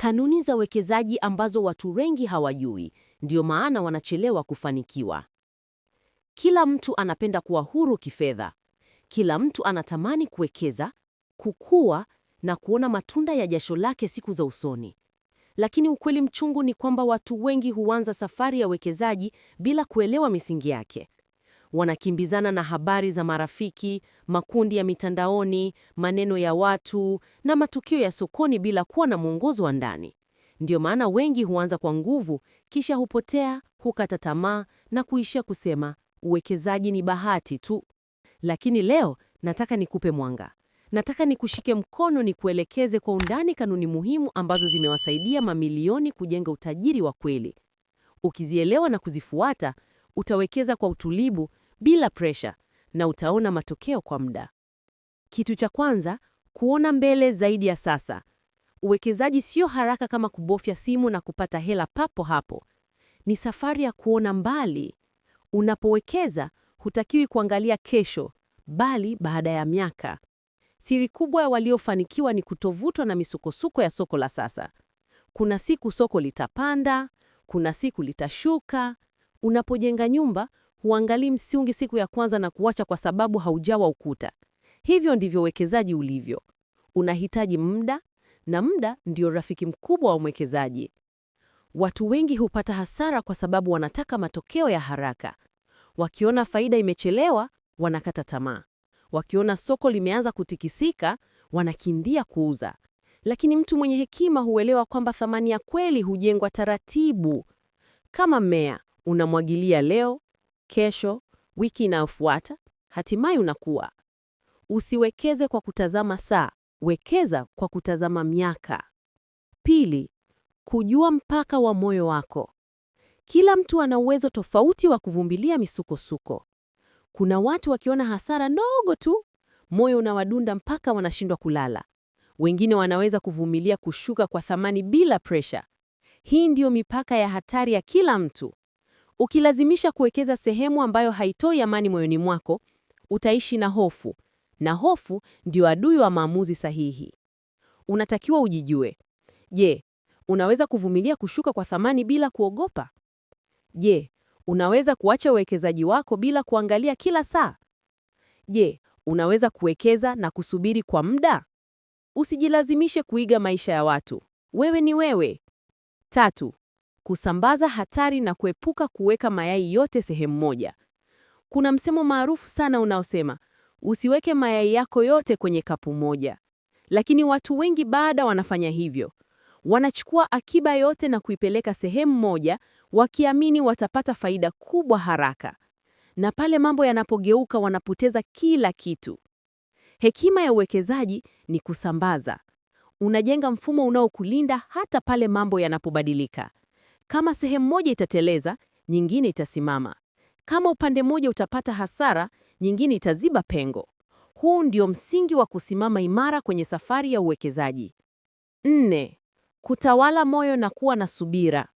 kanuni za wekezaji ambazo watu wengi hawajui, ndio maana wanachelewa kufanikiwa. Kila mtu anapenda kuwa huru kifedha. Kila mtu anatamani kuwekeza, kukua na kuona matunda ya jasho lake siku za usoni. Lakini ukweli mchungu ni kwamba watu wengi huanza safari ya uwekezaji bila kuelewa misingi yake. Wanakimbizana na habari za marafiki, makundi ya mitandaoni, maneno ya watu na matukio ya sokoni bila kuwa na mwongozo wa ndani. Ndio maana wengi huanza kwa nguvu, kisha hupotea, hukata tamaa na kuishia kusema uwekezaji ni bahati tu. Lakini leo nataka nikupe mwanga. Nataka nikushike mkono nikuelekeze kwa undani kanuni muhimu ambazo zimewasaidia mamilioni kujenga utajiri wa kweli. Ukizielewa na kuzifuata, utawekeza kwa utulivu bila presha, na utaona matokeo kwa muda. Kitu cha kwanza, kuona mbele zaidi ya sasa. Uwekezaji sio haraka kama kubofya simu na kupata hela papo hapo. Ni safari ya kuona mbali. Unapowekeza hutakiwi kuangalia kesho, bali baada ya miaka. Siri kubwa ya waliofanikiwa ni kutovutwa na misukosuko ya soko la sasa. Kuna siku soko litapanda, kuna siku litashuka. Unapojenga nyumba, huangalii msingi siku ya kwanza na kuacha kwa sababu haujawa ukuta. Hivyo ndivyo uwekezaji ulivyo, unahitaji muda, na muda ndio rafiki mkubwa wa mwekezaji. Watu wengi hupata hasara kwa sababu wanataka matokeo ya haraka. Wakiona faida imechelewa, wanakata tamaa. Wakiona soko limeanza kutikisika, wanakimbia kuuza. Lakini mtu mwenye hekima huelewa kwamba thamani ya kweli hujengwa taratibu. Kama mmea, unamwagilia leo, kesho, wiki inayofuata, hatimaye unakuwa. Usiwekeze kwa kutazama saa, wekeza kwa kutazama miaka. Pili, kujua mpaka wa moyo wako. Kila mtu ana uwezo tofauti wa kuvumilia misukosuko. Kuna watu wakiona hasara ndogo tu, moyo unawadunda mpaka wanashindwa kulala. Wengine wanaweza kuvumilia kushuka kwa thamani bila presha. Hii ndiyo mipaka ya hatari ya kila mtu. Ukilazimisha kuwekeza sehemu ambayo haitoi amani moyoni mwako, utaishi na hofu, na hofu ndio adui wa maamuzi sahihi. Unatakiwa ujijue. Je, unaweza kuvumilia kushuka kwa thamani bila kuogopa? Je, unaweza kuacha uwekezaji wako bila kuangalia kila saa? Je, unaweza kuwekeza na kusubiri kwa muda? Usijilazimishe kuiga maisha ya watu. Wewe ni wewe. Tatu, kusambaza hatari na kuepuka kuweka mayai yote sehemu moja. Kuna msemo maarufu sana unaosema usiweke mayai yako yote kwenye kapu moja, lakini watu wengi baada wanafanya hivyo, wanachukua akiba yote na kuipeleka sehemu moja, wakiamini watapata faida kubwa haraka, na pale mambo yanapogeuka, wanapoteza kila kitu. Hekima ya uwekezaji ni kusambaza. Unajenga mfumo unaokulinda hata pale mambo yanapobadilika. Kama sehemu moja itateleza, nyingine itasimama. Kama upande mmoja utapata hasara, nyingine itaziba pengo. Huu ndio msingi wa kusimama imara kwenye safari ya uwekezaji. Nne, kutawala moyo na kuwa na subira.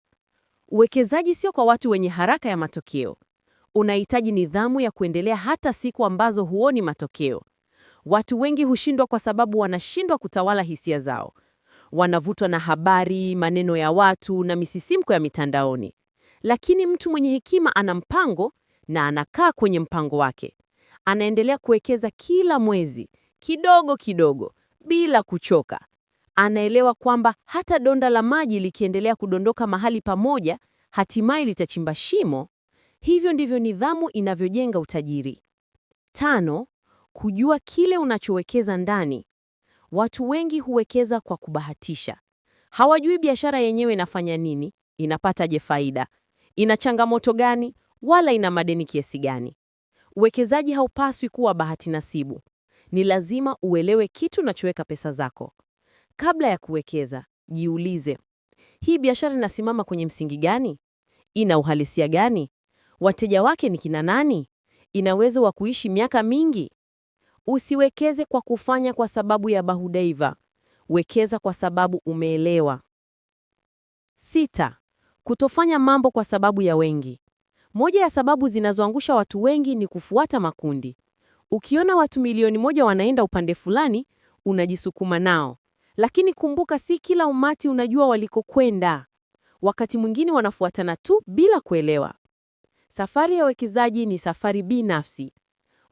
Uwekezaji sio kwa watu wenye haraka ya matokeo. Unahitaji nidhamu ya kuendelea hata siku ambazo huoni matokeo. Watu wengi hushindwa kwa sababu wanashindwa kutawala hisia zao wanavutwa na habari, maneno ya watu na misisimko ya mitandaoni. Lakini mtu mwenye hekima ana mpango na anakaa kwenye mpango wake. Anaendelea kuwekeza kila mwezi kidogo kidogo, bila kuchoka. Anaelewa kwamba hata donda la maji likiendelea kudondoka mahali pamoja, hatimaye litachimba shimo. Hivyo ndivyo nidhamu inavyojenga utajiri. Tano, kujua kile unachowekeza ndani. Watu wengi huwekeza kwa kubahatisha, hawajui biashara yenyewe inafanya nini, inapataje faida, ina changamoto gani, wala ina madeni kiasi gani. Uwekezaji haupaswi kuwa bahati nasibu. Ni lazima uelewe kitu unachoweka pesa zako. Kabla ya kuwekeza, jiulize, hii biashara inasimama kwenye msingi gani? Ina uhalisia gani? Wateja wake ni kina nani? Ina uwezo wa kuishi miaka mingi? Usiwekeze kwa kufanya kwa sababu ya Bahudaiva. Wekeza kwa sababu umeelewa. Sita, kutofanya mambo kwa sababu ya wengi. Moja ya sababu zinazoangusha watu wengi ni kufuata makundi. Ukiona watu milioni moja wanaenda upande fulani, unajisukuma nao, lakini kumbuka, si kila umati unajua walikokwenda. Wakati mwingine wanafuatana tu bila kuelewa. Safari ya uwekezaji ni safari binafsi.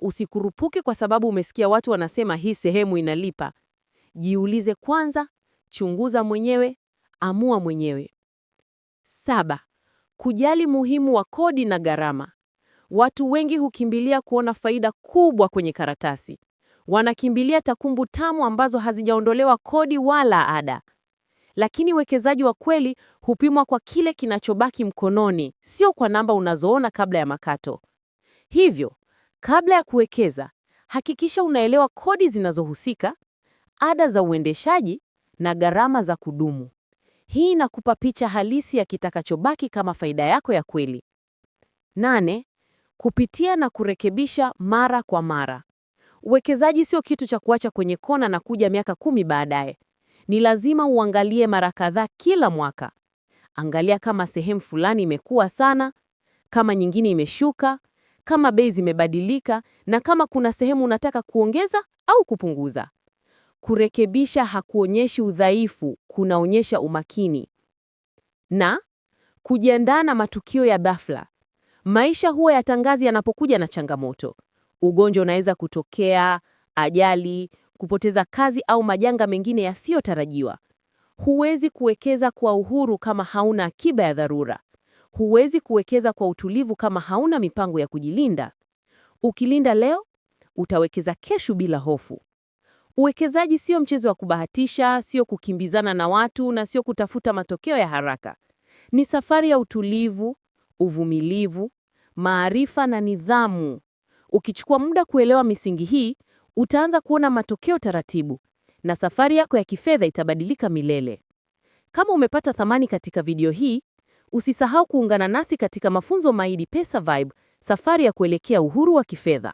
Usikurupuke kwa sababu umesikia watu wanasema hii sehemu inalipa. Jiulize kwanza, chunguza mwenyewe, amua mwenyewe. Saba, kujali muhimu wa kodi na gharama. Watu wengi hukimbilia kuona faida kubwa kwenye karatasi. Wanakimbilia takumbu tamu ambazo hazijaondolewa kodi wala ada. Lakini wekezaji wa kweli hupimwa kwa kile kinachobaki mkononi, sio kwa namba unazoona kabla ya makato. Hivyo, Kabla ya kuwekeza, hakikisha unaelewa kodi zinazohusika, ada za uendeshaji na gharama za kudumu. Hii inakupa picha halisi ya kitakachobaki kama faida yako ya kweli. Nane, kupitia na kurekebisha mara kwa mara. Uwekezaji sio kitu cha kuacha kwenye kona na kuja miaka kumi baadaye. Ni lazima uangalie mara kadhaa kila mwaka. Angalia kama sehemu fulani imekuwa sana, kama nyingine imeshuka kama bei zimebadilika na kama kuna sehemu unataka kuongeza au kupunguza. Kurekebisha hakuonyeshi udhaifu, kunaonyesha umakini. Na kujiandaa na matukio ya ghafla. Maisha huwa ya tangazi yanapokuja na changamoto. Ugonjwa unaweza kutokea, ajali, kupoteza kazi au majanga mengine yasiyotarajiwa. Huwezi kuwekeza kwa uhuru kama hauna akiba ya dharura. Huwezi kuwekeza kwa utulivu kama hauna mipango ya kujilinda. Ukilinda leo, utawekeza kesho bila hofu. Uwekezaji sio mchezo wa kubahatisha, sio kukimbizana na watu na sio kutafuta matokeo ya haraka. Ni safari ya utulivu, uvumilivu, maarifa na nidhamu. Ukichukua muda kuelewa misingi hii, utaanza kuona matokeo taratibu na safari yako ya kifedha itabadilika milele. Kama umepata thamani katika video hii, Usisahau kuungana nasi katika mafunzo Maidi Pesa Vibe, safari ya kuelekea uhuru wa kifedha.